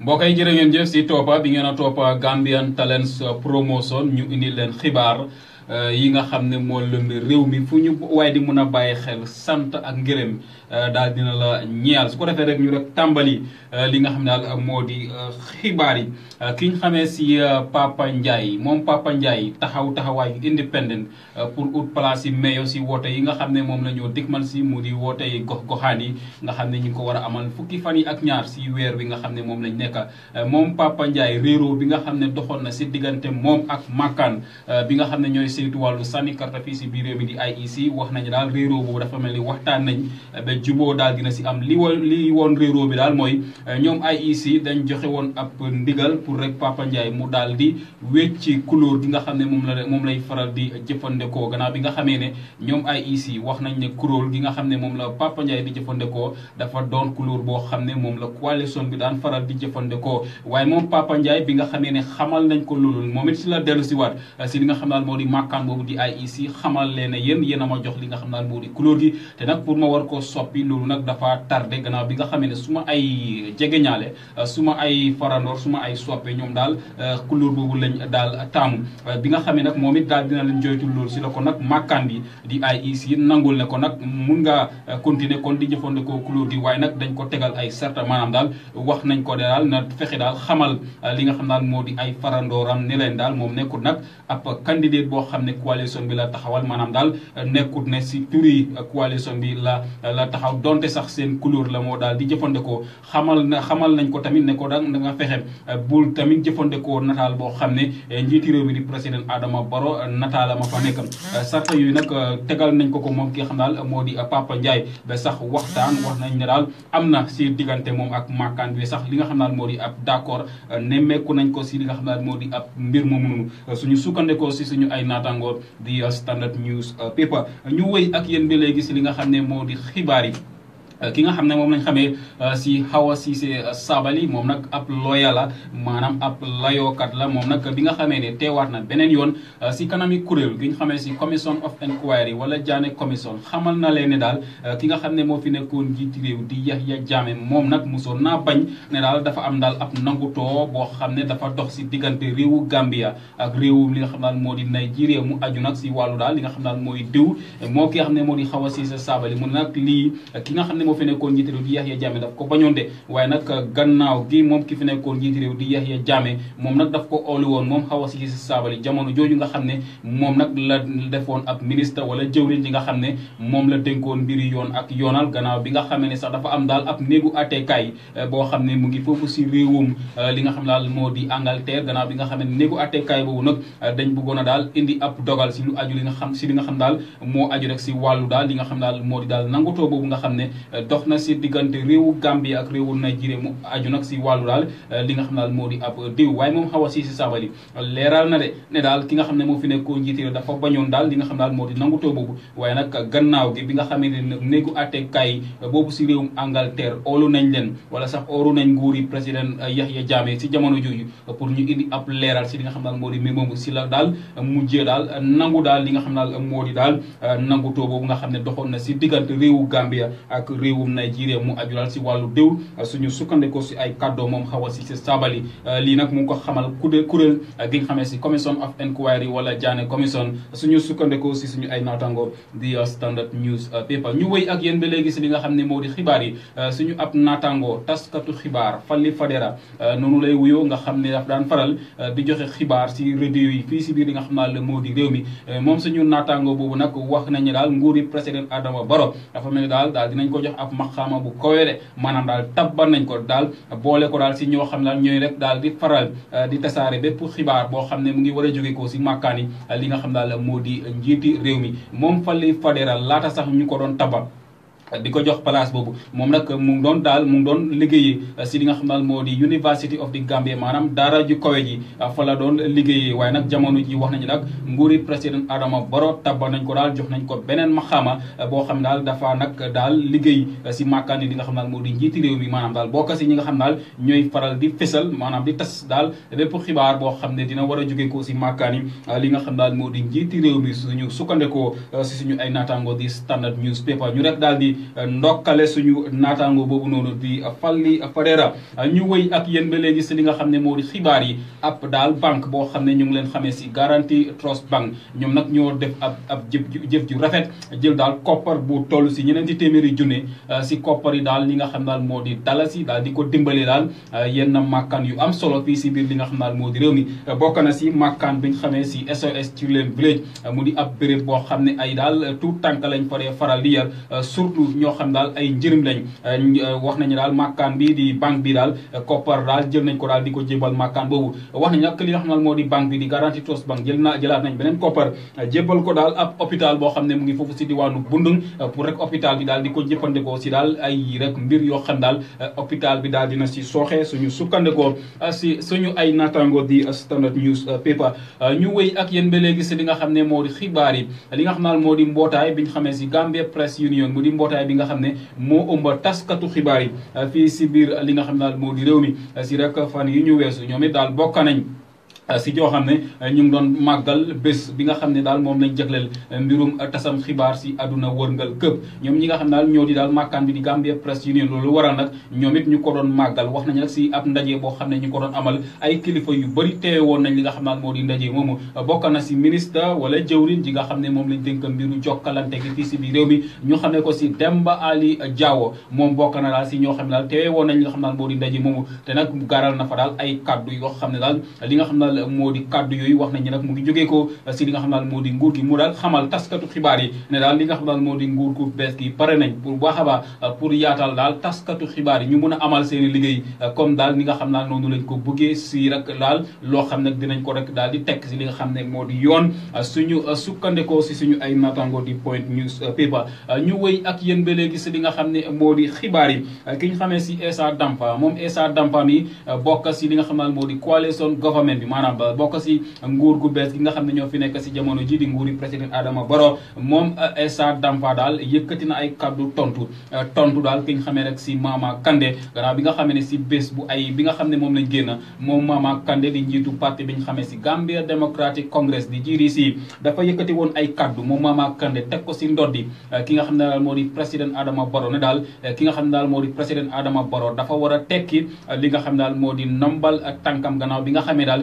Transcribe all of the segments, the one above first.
mbokk yi jërë ngeen jëf si toppa bi ngeen a toppa Gambian Talents Promotion ñu indi leen xibaar euh, yi nga xam ne moo lëmbi réew mi fu ñu waaye di mun a bàyyi xel sant ak ngërëm euh, daal dina la ñeer su ko defee rek ñu rek tàmbali Euh, li nga xam ne daal euh, moo di euh, xibaar yi ki ñu xamee si Papa Ndiaye moom Papa Ndiaye taxaw taxawaay indépendant pour ut place yi meyo si woote yi nga xam ne moom la ñoo dikmal si mu di woote yi gox goxaan yi nga xam ne ñu ngi ko war a amal fukki fan yi ak ñaar si weer wi nga xam ne moom lañ nekk moom Papa Ndiaye réeroo bi nga xam ne doxoon na si diggante moom ak Makan bi nga xam ne ñooy saytu wàllu sànni karta fii si biir réew mi di si e wax nañu daal réeroo boobu dafa mel ni waxtaan nañ ba juboo daal dina si am li woon li woon réeroo bi daal mooy Euh, ñoom IEC dañ joxe woon ab ndigal pour rek Papa Ndiaye mu daal di wecci couleur gi nga xam ne moom la moom lay faral di jëfandikoo gannaaw bi nga xamee ne ñoom IEC wax nañ ne couleur gi nga xam ne moom la Papa Ndiaye di dafa doon couleur boo xam ne moom la coalition bi daan faral di jëfandikoo waaye moom Papa Ndiaye bi nga xamee ne xamal nañ ko loolu moom it si la dellu si waat euh, si li nga xam daal moo di màkkaan boobu di IEC xamal leen ne yéen yéen a ma jox li nga xam daal moo di couleur gi te nag pour ma war koo soppi loolu nag dafa tardé gannaaw bi nga xamee ne su ma ay jegeñaale euh, suma ay farandoor ma ay soppe ñoom daal euh, couleur boobu lañ daal taamu euh, bi nga xamee nag moom it daal dina leen joytu loolu si la ko nag màkkaandi di IEC nangul ne ko nag mun nga continuer kon di jëfandikoo couleur gi waaye nag dañ ko tegal ay sarta maanaam daal wax nañ ko daal na fexe daal xamal li nga xam daal moo di ay farandooram ne leen daal moom nekkut nag ab candidat boo xam ne coalition bi la taxawal maanaam daal nekkut ne si turi coalition bi la la taxaw donte sax seen couleur la moo daal di jëfandikoo xamal na xamal nañ ko tamit ne ko da nga fexe euh, bul tamit jëfandikoo nataal boo xam ne euh, njiiti réew di président Adama Barrow euh, nataala ma fa nekk sarta yooyu nag tegal nañ ko ko moom ki nga xam daal moo di Papa Ndiaye ba sax waxtaan wax nañ ne daal am na si diggante moom ak màkkaan bi sax li nga xam daal moo di ab d'accord nemmeeku nañ ko si li nga xam daal moo di ab mbir moom noonu suñu sukkandikoo si suñu ay naataangoor di Standard News Paper ñu wéy ak yéen ba léegi si li nga xam ne moo di xibaar yi Euh, ki nga xam ne moom lañ xamee euh, si Hawa Ceesay euh, Sabaly moom nag ab looya la maanaam ab layookat la moom nag bi nga xamee ne teewaat na beneen yoon si kanami kuréel gi ñu xamee si commission of inquiry wala Jammeh commission xamal na leen ne daal ki xam ne moo fi nekkoon njiiti réew di Yahya Jammeh moom nag mosoon naa bañ ne daal dafa am daal ab nangutoo boo xam ne dafa dox si diggante réewu Gambia ak réewu li nga xam daal moo di Nigeria mu aju nag si wàllu daal li nga xam daal mooy diw moo ki nga xam ne moo di Hawa Ceesay Sabaly mu nag lii ki nga xam ne moo fi nekkoon njiiti réew di Yahya Jammeh daf ko bañoon de waaye nag euh, gannaaw gi moom ki fi nekkoon njiiti réew di Yahya Jammeh moom nag daf ko ooli woon moom Hawasi Sabally jamono jooju nga xam ne moom nag la defoon ab ministre wala jëwriñ li nga xam ne moom la dénkoon mbiri yoon ak yoonal gannaaw bi nga xam ne sax dafa am daal ab néegu attekaay euh, boo xam ne mu ngi foofu si réewum euh, li nga xam daal moo di Angleterre gannaaw bi nga xam ne néegu attekaay boobu nag dañ bëggoon a daal indi ab dogal si lu aju li nga xam si li nga xam daal moo aju rek si wàllu daal li nga xam daal moo di daal nangutoo boobu ne Eh, dox na ci digënté réew Gambie ak réew Nigeria mu aju nak ci walu dal eh, li nga xam daal di ab diw way mom xawa a ci sabali saabali na de né dal ki nga xamné mo moo fi nekkoo njiite la dafa bañoon dal li nga xam daal moo di nangutoo boobu waaye nag gannaaw gi bi nga xamné ne nag néegu attekaay boobu si réewum Angleterre olu nañ len wala sax oru nañ nguuri président eh, Yahya Jammeh si jamono jooju pour ñu indi ap leral si li nga xam daal moo di mbir moomu si la daal mujjee daal nangu daal li nga xam daal moo di daal nangutoo nga xamné doxon na ci digënté réew Gambia ak réewum Nigeria mu ajural si wàllu déw suñu sukkandikoo si ay kàddoo moom xaw a si sabali euh, lii nag mu ngi ko xamal kuréel kuréel euh, gi nga xamee si commission of inquiry wala jaane commission suñu sukkandikoo si suñu ay naatango di euh, standard news paper ñu wéy ak yéen ba léegi si li nga xam ne moo di xibaar yi suñu ab naatango taskatu xibaar Fally Fadera noonu lay wuyoo nga xam ne daf daan faral di joxe xibaar ci radio yi fii si biir li nga xam ne moo di réew mi moom suñu naatango boobu nag wax nañu daal daal daal dinañ ko jox ab maxaama bu kawe de maanaam daal tabban nañ ko daal boole ko daal si ñoo xam ne daal ñooy rek daal di faral eh, di tasaare bépp xibaar boo xam ne mu ngi war a jóge ko si màkkaani eh, li nga xam daal moo di njiiti réew mi moom Fally Fadera laata sax ñu ko doon tabba di ko jox place boobu moom nag mu doon daal mu doon liggéeyi si li nga xam daal moo di University of the maanaam daara ju kawe ji ah, fa la waaye nag jamono ji wax nañu nag nguuri président Adama Barrow tabba nañ ko daal jox nañ ko beneen maxaama ah, boo xam daal dafa nag daal liggéey ah, si màkkaani li nga xam daal moo di njiiti réew mi maanaam daal bokk si ñi nga xam daal ñooy faral di fésal tas daal bépp boo xam ne dina war a jóge ko si màkkaani li nga xam daal moo di njiiti réew mi suñu sukkandekoo si suñu ay naataango di standard newspaper ñu rek daal di Euh, ndokkale suñu naataango boobu noonu di Faly Ferreira euh, ñu wëy ak yéen ba léegi si li nga xam ne moo di xibaar yi ab daal banque boo xam ne ñu ngi leen xamee si Guaranty Trust Bank ñoom nag ñoo def ab ab jëf ju rafet jël daal koppar bu toll si ñeneenti téeméeri junne euh, si koppar yi daal li nga xam daal moo di dalasi daal di ko dimbale daal yenn màkkaan yu am solo fii si biir li nga xam daal moo di réew mi bokk na si màkkaan biñ xamee si SOS Children's Village mu di ab béréb boo xam ne ay daal tout tànk lañ faree faral di yar ñoo xam dal ay njërim lañ euh, euh, wax nañu dal màkkaan bi di bank bi dal copper euh, dal jël nañ ko dal di jébal màkkaan bobu wax nañu ak li nga xam daal moo bi di garantie trust bank jël na jëlat nañ benen copper jébal ko dal ab hôpital bo xamne mu ngi fofu ci diwanu bundung pour rek hôpital bi dal di ko ci dal ay rek mbir yo xam dal hôpital bi dal dina ci soxé suñu sukkandikoo ci suñu ay natango di standard news paper ñu wéy ak yeen ba léegi ci li nga xamne modi xibaari li nga xam daal moo biñ xamé ci gambia press union mu di jotaay bi nga xam ne moo ëmba taskatu xibaar yi fii si biir li nga xam ne moo di réew mi si rek fan yi ñu weesu ñoom it daal bokk nañ Euh, si jo xamne euh, ñu ngi doon magal bes bi nga xamne ne mom lañu lañ euh, mbirum tassam xibaar si aduna wërngal këpp ñom ñi nga xam ne ñoo di dal bi di Gambia Press Union loolu waral nak ñomit ñu ko doon magal wax nañ si ab ndaje bo xamne ñu ko doon amal ay kilifa yu bari teewe woon nañ li nga di ndaje moomu bokk na si ministre wala jeewrin ji nga xamne mom moom denk mbiru jokalante gi fi si bi rew mi ñu xamne ko si Demba Ali Jawo moom bokk na dal si ñoo xam ne daal nañ li nga di ndaje moomu te nak garal na fa dal ay kàddu yo xamne dal li nga daal moo di kaddu yooyu wax nañu nag mu ngi jógee ko si li nga xam daal moo di nguur gi bees gi pare nañ pour baax a pour yaatal daal taskatu xibaar yi ñu mun a amal seen liggéey comme daal ni nga xam daal noonu lañ ko bëggee si rek daal loo xam nag dinañ ko rek daal di tekk si li nga xam ne moo di yoon suñu sukkandikoo si suñu ay natango di point news paper ñu wéy ak yéen ba léegi si li nga xam ne moo di xibaar yi ki ñu xamee si Essa Dampa moom Essa Dampa mi bokk si li nga xam daal président ba bokk si nguur gu bees gi nga xam ne ñoo fi nekk si jamono ji di nguuri président Adama Barrow moom Essa eh, Dampa daal yëkkati na ay kaddu tontu eh, tontu daal ki nga bi nga xamee ne si bés bu bi nga xam ne moom lañ génn moom Mama Kandeh di njiitu parti bi ñu xamee si Gambia Democratic Congress di GDC dafa yëkkati woon ay kaddu moom Mama Kandeh teg eh, daal moo di président Adama Barrow ne daal ki nga xam ne daal moo di président Adama Barrow dafa war a tekki li nga xam ne daal moo di nombal tànkam gannaaw bi nga xamee daal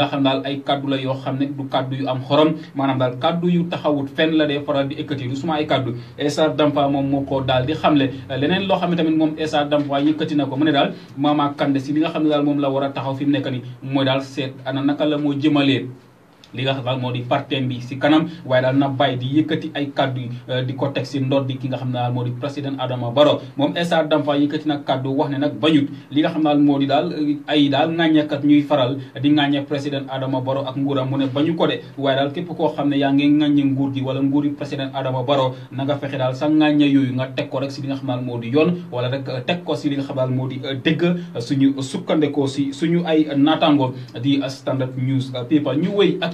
nga xam daal ay kaddu la yoo xam ne du kaddu yu am xorom maanaam daal kaddu yu taxawut fenn la dee faral di ekkati suma ay kaddu Essa Dampa moom moo ko daal di xamle leneen loo xam ne tamit moom Essa Dampa yëkkati na ko mu ne daal Mama Kandeh si li nga xam ne daal moom la war a taxaw fi mu nekk nii mooy daal seet ana naka la moo jëmalee li nga xam daal moo di partem bi si kanam waaye daal na bàyyi di yëkkati ay kaddu euh, di ko teg si ndor di ki nga xam ne daal moo di président Adama Barrow moom Essa Danfa yëkkati nag kaddu wax ne nag bañut li nga xam daal moo di daal euh, ay daal ŋàññeekat ñuy faral di ŋàññe président Adama Barrow ak nguuram mu ne bañu ko de waaye daal képp koo xam ne yaa ngi ŋàññe nguur gi wala nguuri président Adama Barrow na nga fexe daal sa ŋàññe yooyu nga teg ko rek si li nga xam daal moo di yoon wala rek euh, teg ko si li nga xam daal moo di dëgg suñu sukkandekoo si suñu ay naataango di standard news paper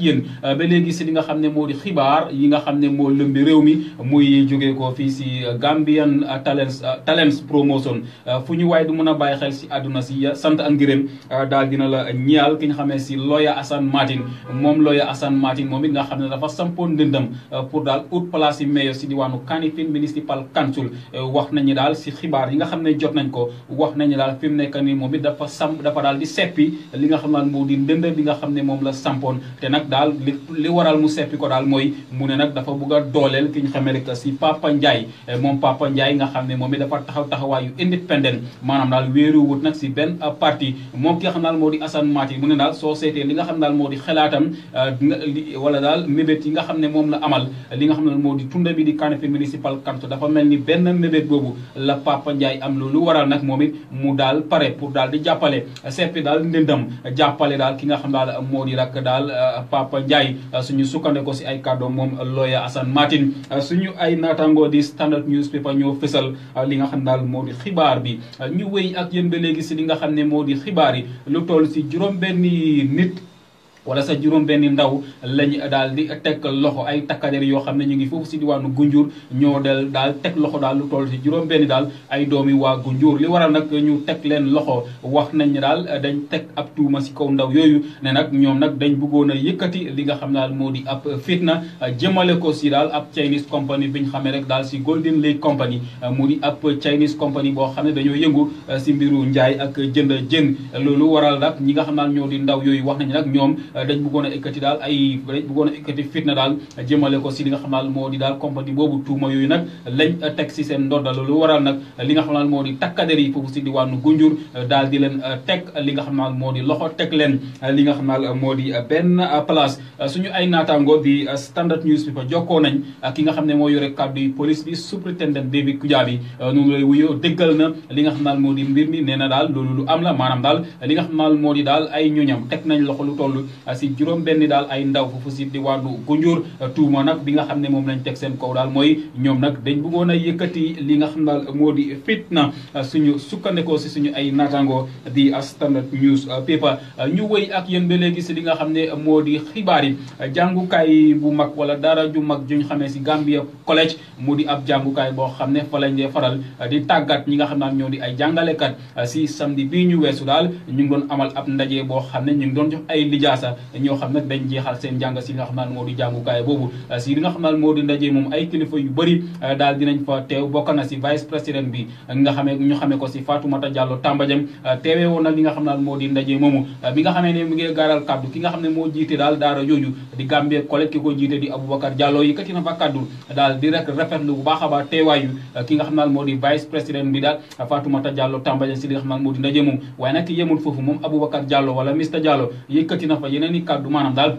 yéen euh, ba léegi si li nga xam ne moo di xibaar yi nga xam ne moo lëmbi réew mi muy jógee ko fii si Gambian Talents euh, Talents Promotion euh, fu ñu waaye du mën a bàyyi xel si àdduna si sant ak ngërëm daal dina la ñaal ki nga xam xamee si lawyer Assane Martin moom lawyer Assane Martin moom it nga xam ne dafa sampoon ndëndam pour daal ut place yi mayor si diwaanu Kanifing Municipal Council wax nañu daal si xibaar yi nga xam ne jot nañ ko wax nañu daal fi mu nekk nii moom it dafa sam dafa daal di seppi li nga xam ne moo bi nga xam ne moom la sampoon daal li li waral mu seppi ko daal mooy mu ne nag dafa bugg a dooleel ki ñu xamee rek si Papa Ndiaye eh, moom Papa Ndiaye nga xam ne moom it dafa taxaw taxawaayu indépendant maanaam daal wéeru wut nag si benn parti moom ki nga xam moo di Assane Mati mu ne daal soo seetee li nga xam daal moo di xalaatam eh, wala daal mébét yi nga xam ne moom la amal li nga xam ne moo di tunda bi di candidat municipal kanto dafa mel ni benn mébét boobu la Papa Ndiaye am lu waral nag moom it mu daal pare pour daal di jàppale eh, seppi daal ndëndam jàppale daal ki nga xam daal moo di rak daal Papa Papa Ndiaye uh, suñu sukkandeko si ay kàddoom moom lawyer Assane Martin uh, suñu ay naataangoo di standard newspaper ñoo fësal uh, li nga xam daal moo di xibaar bi ñu wéy ak yéen ba léegi si li nga xam ne moo di xibaar yi lu toll si juróom benni nit wala sa juróom benn ndaw lañ daal di teg loxo ay takkadeer yoo xam ne ñu ngi foofu si diwaanu Gunjur ñoo del daal teg loxo daal lu toll si juróom benn daal ay doomi waa Gunjur li waral nag ñu teg leen loxo wax nañ ne daal dañ teg ab tuuma si kaw ndaw yooyu ne nag ñoom nag dañ bëggoon a yëkkati li nga xam daal moo di ab fitna jëmale ko si daal ab Chinese company bi ñu xamee rek daal si Golden Lake Company mu di ab Chinese company boo xam ne dañoo yëngu si mbiru njaay ak jënd jën loolu waral nag ñi nga xam naa ñoo di ndaw yooyu wax nañ nag ñoom Euh, dañ bëggoon a ekkati daal ay dañ bëggoon a ekkati fitna daal jëmale ko si li nga xam daal moo di daal compagnie boobu tuuma yooyu nag lañ euh, teg si seen ndodda loolu waral nag li nga xam daal moo di takkader yi foofu si diwaanu Gunjur euh, daal di leen teg li nga xam daal moo di loxo teg leen li nga xam daal moo di benn place suñu ay naataango di standard newspaper jokkoo nañ ki nga xam ne moo yore kàddu yi police bi superintendent David Kujabi noonu lay wuyoo déggal na li nga xam daal moo di mbir mi nee na daal loolu lu am la maanaam daal li nga xam daal moo di daal ay ñoñam teg nañ loxo lu toll si juróom benn dal ay ndaw foofu si diwaanu Gunjur tuuma nak bi nga xamne mom lañ tek seen kaw dal moy ñom nak dañ bëggoon a yëkkati li nga xam dal modi di fitna suñu ko ci suñu ay natango di standard news paper ñu wëy ak yeen be legi si li nga xamne modi xibaar bu mag wala dara ju mag juñ xamé si Gambia college modi ab jàngukaay boo xam fa lañ dee faral di tagat ñi nga xam naan ñoo di ay kat si samedi bi ñu weesu dal ñu ngi amal ab ndaje bo xamne ñu ngi doon jox ay lijaasa ñoo xam nag dañ jeexal seen njàng si li nga xamal moo di ndaje moom eh, na si vice président bi nga xamee ñu xamee ko si Fatoumata Jallow Tambajang eh, teewee woon xam naan moo eh, moo na fa kaddu daal a baax teewaayu moo di vice président bi daal Fatoumata Jallow Tambajang si moo di ndaje moomu waaye nag yemul foofu moom Aboubacar Jallow wala Mr Jallow yëkkati na fa yeneen nini kadumana mdal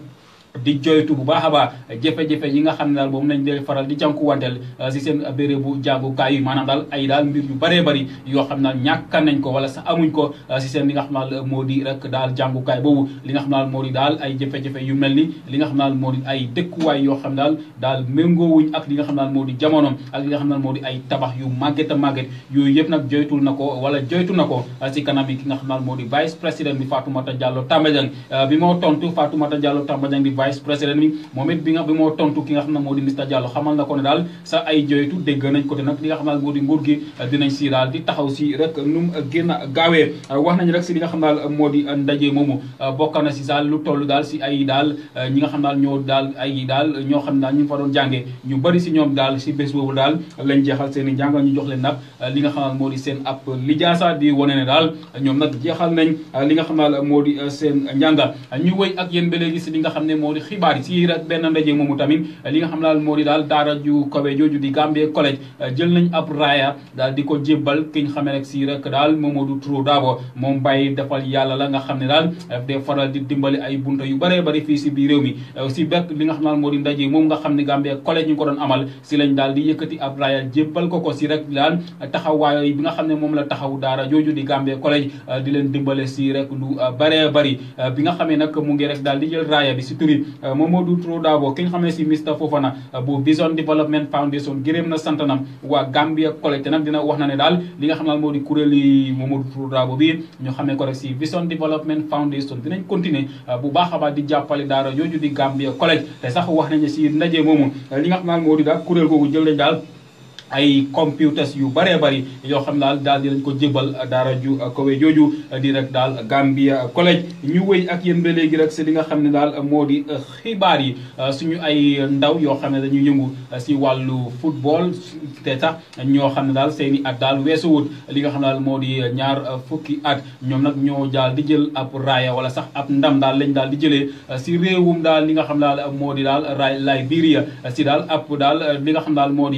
di joytu bu baax a baax jafe-jafe yi nga xam ne daal moom nañ dee faral di jànkuwanteel euh, si seen bérébu jàngukaay yi maanaam daal ay daal mbir yu bëree bëri yoo xam ne ñàkka nañ ko wala sax amuñ ko euh, si seen li nga xam naal moo di rek daal jàngukaay boobu li nga xam naal moo di daal ay jafe-jafe yu mel ni li nga xam naal moo di ay dëkkuwaay yoo xam daal daal méngoowuñ ak li nga xam naal moo di jamono ak li nga xam naal moo di ay tabax yu màgget a màgget yooyu yëpp nag joytul na ko wala joytu na ko euh, si kanam yi ki nga xam naal moo di vice président bi Fatoumata Diallo Tambadeng bi moo tontu Fatoumata Diallo Tambadeng di vice président bi moom it bi nga bi moo tontu ki nga xam ne moo di Mr Diallo xamal na ko ne daal sa daal di taxaw si rek nu a gaawee ndaje moomu bokk na si daal lu toll daal si ay daal ñi nga xam daal ñoo daal ay daal ñoo xam daal ñu fa doon jàngee ñu bëri si ñoom daal si bés boobu daal lañ jeexal seen i jàng ñu jox leen nag li nga xam daal moo di seen ab lijaasa di wane ne daal ñoom nag jeexal nañ li nga xam daal moo di seen a ñu wéy ak yéen ba si li nga xam ne moo di xibaar yi si benn ndaje moom tamit li nga xam daal moo di daal daara ju kowe jooju di Gambie collège eh, jël nañ ab raaya daal di ko jébbal ki nga xam ne rek si rek daal Momodou Touré Dabo moom bàyyi defal yàlla la nga xam ne daal daf dee faral di dimbali ay bunta yu bëree bëri fii si biir réew mi eh, si bekk li nga xam daal moo di ndaje moom nga xam ne Gambie collège ñu ko doon amal si lañ daal di yëkkati ab raaya jébbal ko ko si rek daal taxawaay bi nga xam ne moom la taxaw daara jooju di Gambie collège eh, di leen dimbale si rek lu bëree bari bi nga xam xamee nag mu ngi rek daal di jël raaya bi si turi si euh, Mamadou Touré Dabo ki nga xam ne si Mr Fofana euh, bu Vision Development Foundation gërëm na sant na waa Gambia collecté nag dina wax na ne daal li nga xam ne moo di kuréel yi Mamadou Touré Dabo bi ñu xamee ko rek si Vision Development Foundation dinañ continuer euh, bu baax a baax di jàppale daara jooju di Gambia collège te sax wax na ñu si ndaje moomu li nga xam ne moo di daal kuréel googu jël nañ daal ay computers yu baree bëri yoo xam daal daal lañ ko jébal daara ju kowe jooju di rek daal Gambia College ñu wéy ak yéen ba léegi rek si li nga xam ne daal moo di xibaar yi suñu ay ndaw yoo xam ne dañuy yëngu si wàllu football te sax ñoo xam ne daal seen i at daal weesuwut li nga xam daal moo di ñaar fukki at ñoom nag ñoo daal di jël ab raaya wala sax ab ndam daal lañ daal di jëlee si réewum daal li nga xam daal moo di daal Liberia si daal ab daal li nga xam daal moo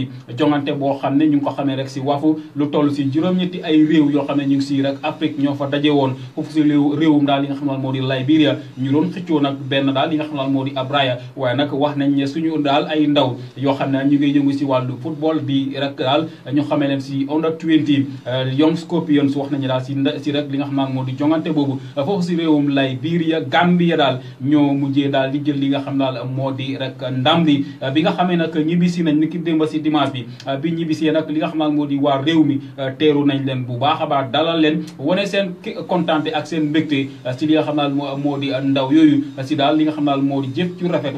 bo xamne ñu ko xamé rek ci wafu lu tollu ci juroom ñetti ay réew yo xam ñu ci rek afrique ño fa dajé won foofu si réewum dal li nga xamal modi liberia ñu doon xëccu nak ben dal li nga xamal modi abraya way nak wax nañ ne suñu dal ay ndaw yo xam ñu ngi yëngu ci walu football bi rek dal ñu xamé len ci under 20 euh, young scorpions wax nañ dal ci si rek li nga xamal modi jongante boobu foofu si réewum liberia gambia dal ño mujjé dal di jël li nga xamal modi rek ndam li bi nga xamé nak ñibisi nañ ni ki demba ci dimanche bi bi ñibbisee nag li nga xamante moo di waa réew mi euh, teeru nañ leen bu baax a baax dalal leen wane seen kontaante ak seen mbégte si euh, li nga xam naal moo di euh, ndaw yooyu si daal li nga xam naal moo di jëf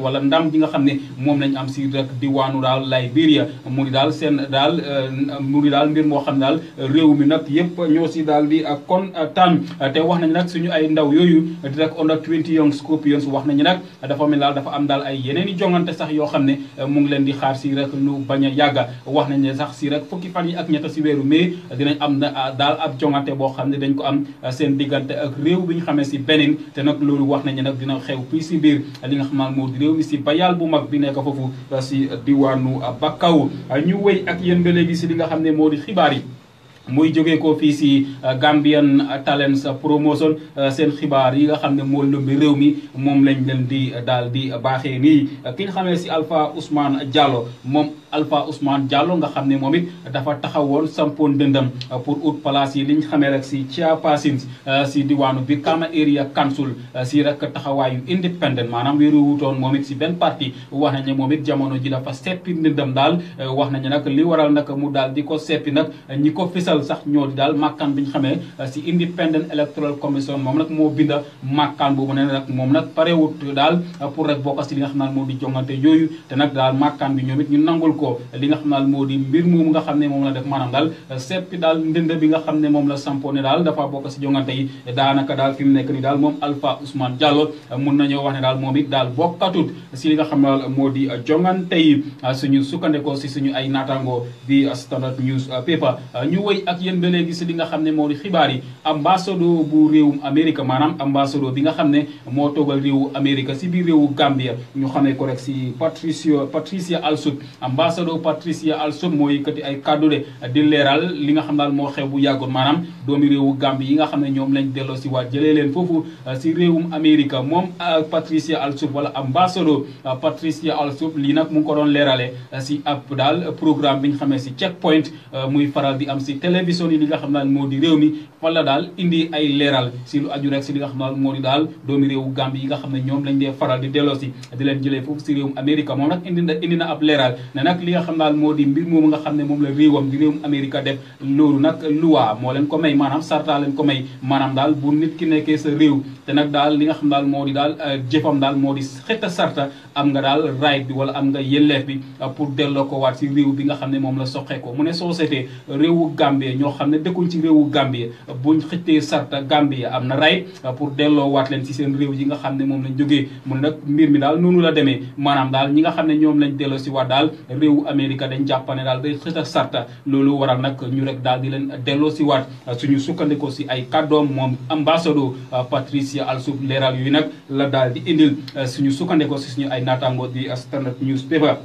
wala ndam ji nga xam ne moom nañ am si di diwaanu daal Liberia mu di daal seen daal mu di daal mbir moo xam ne daal réew mi nag yëpp ñoo si daal di kontaan te wax nañ nag suñu ay ndaw yooyu di rek under 20 young scorpions wax nañu nag dafa mel daal dafa am daal ay yeneen i jongante sax yoo xam ne mu ngi leen di xaar si rek lu bañ a ne sax si rek fukki fan yi ak ñett si weeru mai dinañ am na ah, daal ab jongante boo xam ne dañ ko am ah, seen diggante ak réew bi ñu xamee si Benin te nag loolu wax nañu nag dina xew fii si biir dinga ah, nga xamaan moo di réew mi si bayal bu mag bi nekk foofu si diwaanu Bakau ñu wëy ak yéen ba léegi si li nga xam ne moo di xibaar yi muy jóge ko fi ci uh, Gambian uh, Talents Promotion uh, sen xibaar yi nga xam mo moo lëmbi réew lañ leen di dal di baxé ni ki nga si Alpha Ousmane Diallo mom Alpha Ousmane Diallo nga xam momit dafa taxawon sampon dendam pour ut place yi liñ xamé rek si passins si diwanu bi Kama Area Council si rek taxawayu independent manam wëru wuton momit ci si parti wax nañ momit jamono ji dafa seppi dendam dal wax nañ nak li waral nak mu dal di ko seppi nak ñi ko fisa jiital sax ñoo di daal màkkaan bi ñu xamee euh, si Independent Electoral Commission moom nag moo binda màkkaan boobu nee nag moom nag parewut daal pour rek bokk si li nga xam naan moo di jongante yooyu te nag daal màkkaan bi ñoom it ko li nga xam naan moo di mbir moomu nga xam ne moom la def maanaam daal seppi daal ndënd bi nga xam ne moom la sampo ne daal dafa bokk si jongante yi daanaka daal fi mu nekk ni daal moom Alpha Ousmane Diallo mun nañoo wax ne daal moom it daal bokkatut si li nga xam naal moo di jongante yi suñu sukkandikoo si suñu ay naataango bi Standard News Paper ñu wëy wéy ak yéen ba léegi si li nga xam ne moo di xibaar yi ambassadeur bu réewum Amérique maanaam ambassadeur bi nga xam ne moo toogal réewu Amérique si biir réewu Gambia ñu ne ko rek si Patricia Patricia Alsop ambassadeur Patricia Alsop moo yëkkati ay kàddu de di leeral li nga xam daal moo xew bu yàggoon maanaam doomi réewu Gambie yi nga xam ne ñoom lañ delloo si jëlee leen foofu uh, si réewum Amérique moom Patricia Alsop wala ambassadeur uh, Patricia Alsop lii nag mu ngi ko doon leerale uh, si ab daal programme bi ñu xamee si checkpoint muy faral di am si l'émission yi li nga xam naa moo di réew mi wala daal indi ay leeral si lu aju rek si li nga xam naa moo di daal doomi réewu Gambie yi nga xam ne ñoom lañ dee faral di delloosi di leen jëlee foofu si réewum Amérique moom nag indi na indi na ab leeral ne nag li nga xam naa moo di mbir moomu nga xam ne moom la réewam di réewum Amérique def loolu nag loi moo leen ko may maanaam sarta leen ko may maanaam daal bu nit ki nekkee sa réew te nag daal li nga xam daal moo di daal euh, jëfam daal moo di xet a sarta am nga daal right bi wala am nga yelleef bi euh, pour delloo ko waat si réew bi nga xam ne moom la soxee ko mu ne Gambie ñoo xam ne dëkkuñ ci réewu Gambie buñ xëccee sarta Gambie am na ray pour delloo waat leen ci seen réew yi nga xam ne moom lañ jógee mu ne nag mbir mi daal noonu la demee manaam daal ñi nga xam ne ñoom lañ delloo si waat daal réewu Amérique dañ jàppane daal day xëcc sarta loolu waral nag ñu rek daal di leen delloo si waat suñu sukkandikoo si ay kàddoom moom ambassadeur Patricia Alsoup leeral yooyu nag la daal di indil suñu sukkandikoo si suñu ay naataango di Standard Newspaper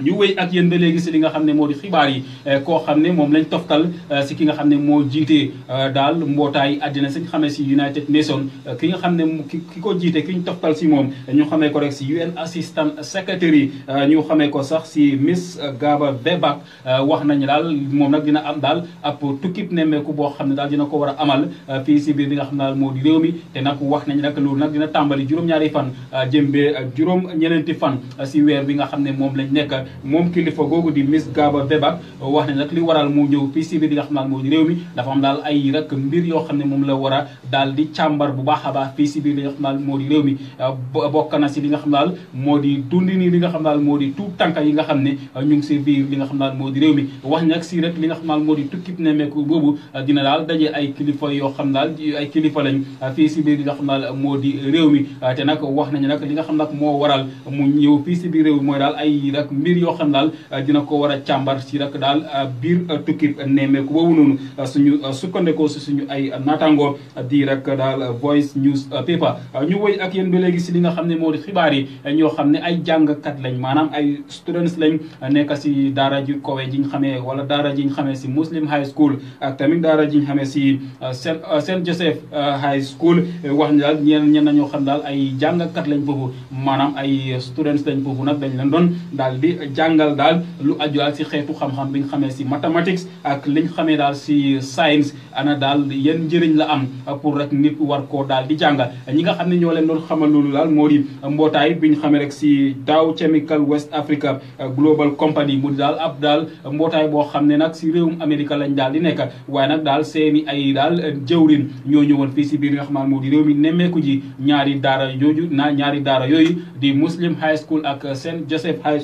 ñu wéy ak yéen ba léegi si li nga xam ne moo di xibaar yi eh, koo xam ne moom lañ toftal eh, si ki nga xam ne moo jiite eh, daal mbootaay àddina si xamee si United Nations ki nga xam ne ki ko jiite ki ñu toftal si moom ñu xamee ko rek si UN Assistant Secretary ñu xam xamee ko sax si Miss Gaba Bebak wax nañu daal moom nag dina am daal ab tukki nemmeeku boo xam ne daal dina ko war a amal fii si biir li xam ne daal moo di réew mi te nag wax nañ nag loolu nag dina tàmbali juróom-ñaari fan jëmbe juróom ñeneenti fan si weer bi nga xam ne moom lañ nekk moom kilifa googu di Miss Gaba Beba wax ne nag li waral mu ñëw fii si biir li nga xam ne réew mi dafa daal rek mbir yoo xam ne moom la war a daal di càmbar bu baax a baax fii si biir li moo di réew mi ah, na si li nga xam daal moo di dundini li nga xam daal moo di tuut tànka yi nga xam ne ah, ñu ngi si biir li xam daal moo di réew wax ne nag rek li nga xam daal moo di tukkib nemeeku boobu ah, dina daal daje ay kilifa yoo xam daal ay kilifa lañ fii si biir li nga xam daal moo di réew mi te nag wax nañu nag li nga xam nag moo waral mu ñëw fii si biir réew mi mooy daal ay rek mbir yoo xam daal euh, dina ko war a càmbar si rek daal euh, biir euh, tukki nemmeeku boobu noonu suñu sukkandekoo si suñu ay naataango di rek daal voice news paper ñu woy ak yéen ba léegi si li nga xam ne moo di xibaar yi ñoo xam ne ay jàngakat lañ maanaam ay students lañ nekk si daara ji kowe ji nga xamee wala daara ji nga xamee si muslim high school ak tamit daara ji nga xamee si Saint Joseph high school wax ni daal ñeen ñeen xam daal ay jàngkat lañ foofu maanaam ay students lañ foofu nag dañ leen daal di jàngal daal lu aju daal si xeetu xam-xam bi nga xamee si mathématiques ak li ñu xamee daal si science ana daal yan njëriñ la am pour rek nit war koo daal di jàngal ñi nga xam ne ñoo leen doon xamal loolu daal moo di mbootaay bi ñu xamee rek si Dow Chemical West Africa Global Company mu daal ab daal mbootaay boo xam ne nag si réewum américa lañ daal di nekk waaye nag daal seeni ay daal jëwrin ñoo ñëwoon fii si biir nga xam moo di réew mi nemmeeku ji ñaari daara yooyu na ñaari daara yooyu di Muslim High School ak Saint Joseph High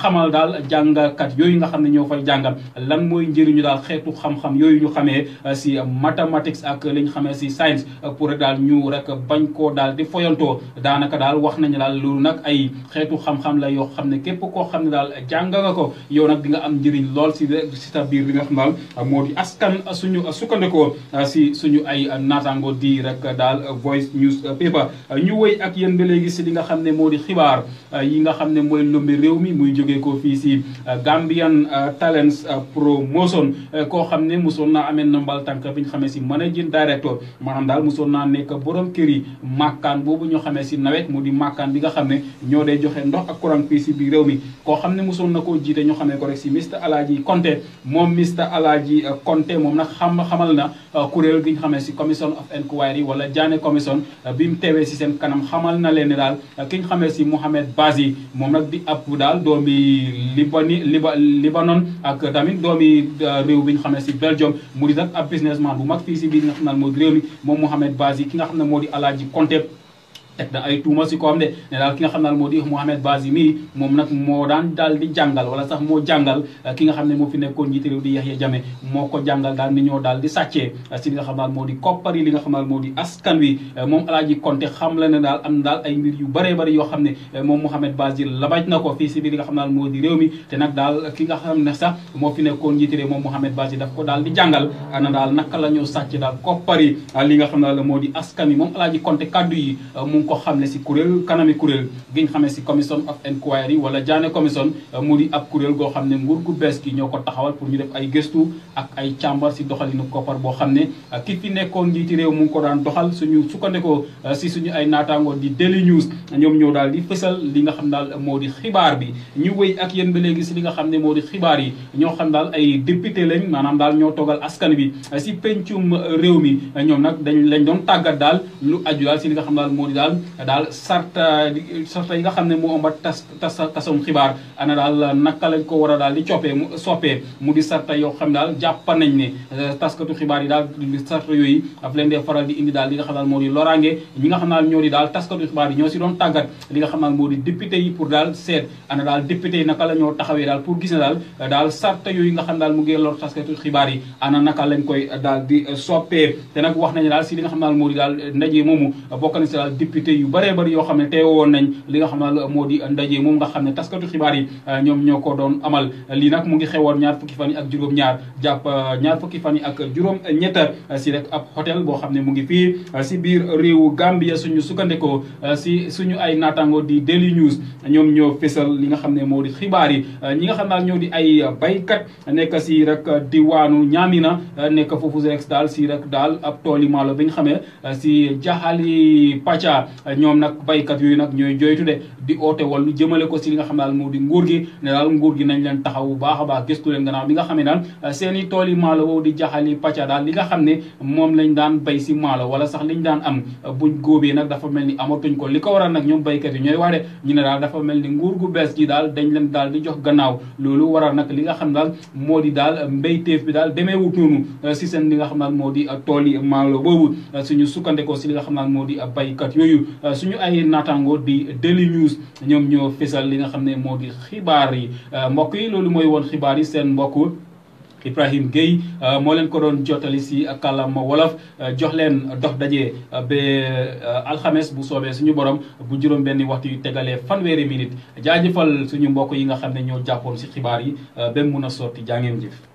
xamal daal jàngalkat yooyu nga xam ne ñoo fay jàngal lan mooy njëriñu daal xeetu xam-xam yooyu ñu xamee euh, si mathématiques ak li ñu xamee si science euh, pour rek daal ñu rek bañ koo daal di foyantoo daanaka daal wax nañu daal loolu nag ay xeetu xam la yoo xam ne képp koo xam ne daal jàngal nga ko yow nag di nga am njëriñ lool si si ta biir bi nga xam daal moo di askan suñu sukkandikoo euh, si suñu ay naataango di rek daal voice news paper ñu wéy ak yéen ba léegi si li nga xam ne moo di xibaar yi nga xam ne mooy lëmbi réew mi jógee ko fii euh, euh, euh, ne mosoon naa amee nambal tànk bi ñu xamee si managing director maanaam daal mosoon naa nekk borom kër yi màkkaan boobu ñu xamee si nawet mu di màkkaan bi nga xam ne ñoo dee joxe ndox ak courant fii si biir réew mi koo xam ne mosoon na koo jiite ñu xamee ko rek si Mr Alhaji Konte moom Mr Alhaji Konte moom nag xam xamal na kuréel gi ñu xamee si commission of inquiry wala jaane commission bi mu teewee si seen kanam xamal na leen ne daal ki ñu xamee si Mohamed Bazi moom nag di ab daal doomi bi Libani Liba Libanon ak tamit doomi euh, réew bi ñu xam ne si Belgium mu di nag ab businessman bu mag fii si biir nga xam ne mooy réew mi moom Mohamed Bazi ki nga xam ne moo di Alaaji Conté teg na ay tuuma si moo di Mohamed Bazi mii moom nag moo daan wala sax moo jàngal eh, ki nga xam ne moo fi nekkoon njiitu réew di Yahya Jammeh moo ko jàngal daal ni daal di sàccee eh, si li nga xam moo di koppar yi li nga xam daal moo di askan wi eh, moom Alaaji Konte xam la ne daal am daal ay mbir yu bëree bëri yoo xam ne moom Mohamed Bazi labaj na ko fii si biir li nga xam daal moo di réew mi te nag daal ki nga xam ne sax moo fi nekkoon njiitu réew moom Mohamed Bazi daf ko daal di jàngal ana daal naka la ñoo daal koppar yi li nga xam la moo di askan wi moom Alaaji Konte kaddu yi ngi ko xamle si kuréel kanami kuréel gi ñu xamee si commission of inquiry wala jaane commission euh, mu di ab kuréel goo xam ne nguur gu bees gi ñoo ko taxawal pour ñu def ay gëstu ak ay càmbar si doxalinu koppar boo xam ne euh, ki fi nekkoon njiiti réew mu ngi ko daan doxal suñu sukkandikoo si euh, suñu ay naataangoo di daily news ñoom ñoo daal di fësal li nga xam daal moo di xibaar bi ñu wéy ak yéen ba léegi si li nga xam ne moo di xibaar yi ñoo xam daal ay député lañ maanaam daal ñoo toogal askan bi si pencum réew mi ñoom nag dañ lañ doon tàggat daal lu aju daal si li nga xam daal moo di daal daal euh, yi nga xam ne moo ëmbat euh, taskatu xibaar yi nga xam ne daal naka lañ koy daal di soppee te nag wax nañ daal si li xam daal moo di daal ndaje moomu bokk si daal député te yu bëree bëri yoo xam ne teewoon nañ li nga xam naa moo di ndaje moom nga xam ne taskatu xibaar yi euh, ñoom ñoo ko doon amal lii nag mu ngi xewoon ñaar fukki fan yi ak juróom ñaar jàpp euh, ñaar fukki fan yi ak juróom ñetta euh, si rek ab hôtel boo xam ne mu ngi fii si biir réewu Gambia suñu sukkandikoo si suñu ay naataango di Daily News ñoom ñoo fésal li nga xam ne moo di xibaar yi ñi nga xam naa ñoo di ay baykat nekk si rek diwaanu na nekk foofu si rek daal si rek daal ab tooli maalo bi nga xamee si jaxali paca Eh, ñoom nag baykat yooyu nag ñooy jooytu de di oote lu jëmale ko si li nga xam ne daal moo di nguur gi ne daal nguur gi nañ leen taxaw bu baax a baax gëstu leen gannaaw bi nga xam ne daal eh, seen i tool yi maalo wow di jaxali daal li nga xam ne moom lañ daan bay si maalo wala sax liñ daan am eh, buñ góobee nag dafa mel ni amatuñ ko li ko waral nag ñoom baykat yi ñooy wax ñu ne daal dafa mel ni nguur gu bees gi daal dañ leen daal di jox gannaaw loolu waral nag li nga xam daal moo di daal mbéyteef bi daal demeewut noonu si seen li nga xam daal moo di tool yi maalo boobu suñu sukkandikoo si li nga xam daal moo di baykat yooyu suñu euh, suñu ay naataango di Daily News ñoom ñoo fesal li nga xam ne moo di xibaar yi euh, mbokk yi loolu mooy woon xibaar yi seen mbokk Ibrahim Gueye euh, moo leen ko doon jottali si kàllaama wolof jox leen dox daje ba alxames bu soobee suñu borom bu juróom benni waxtu yu tegalee fanweeri minute jaajëfal suñu mbokk yi nga xam ne ñoo jàppoon si xibaar yi ba mun a sotti jaa ngeen jëf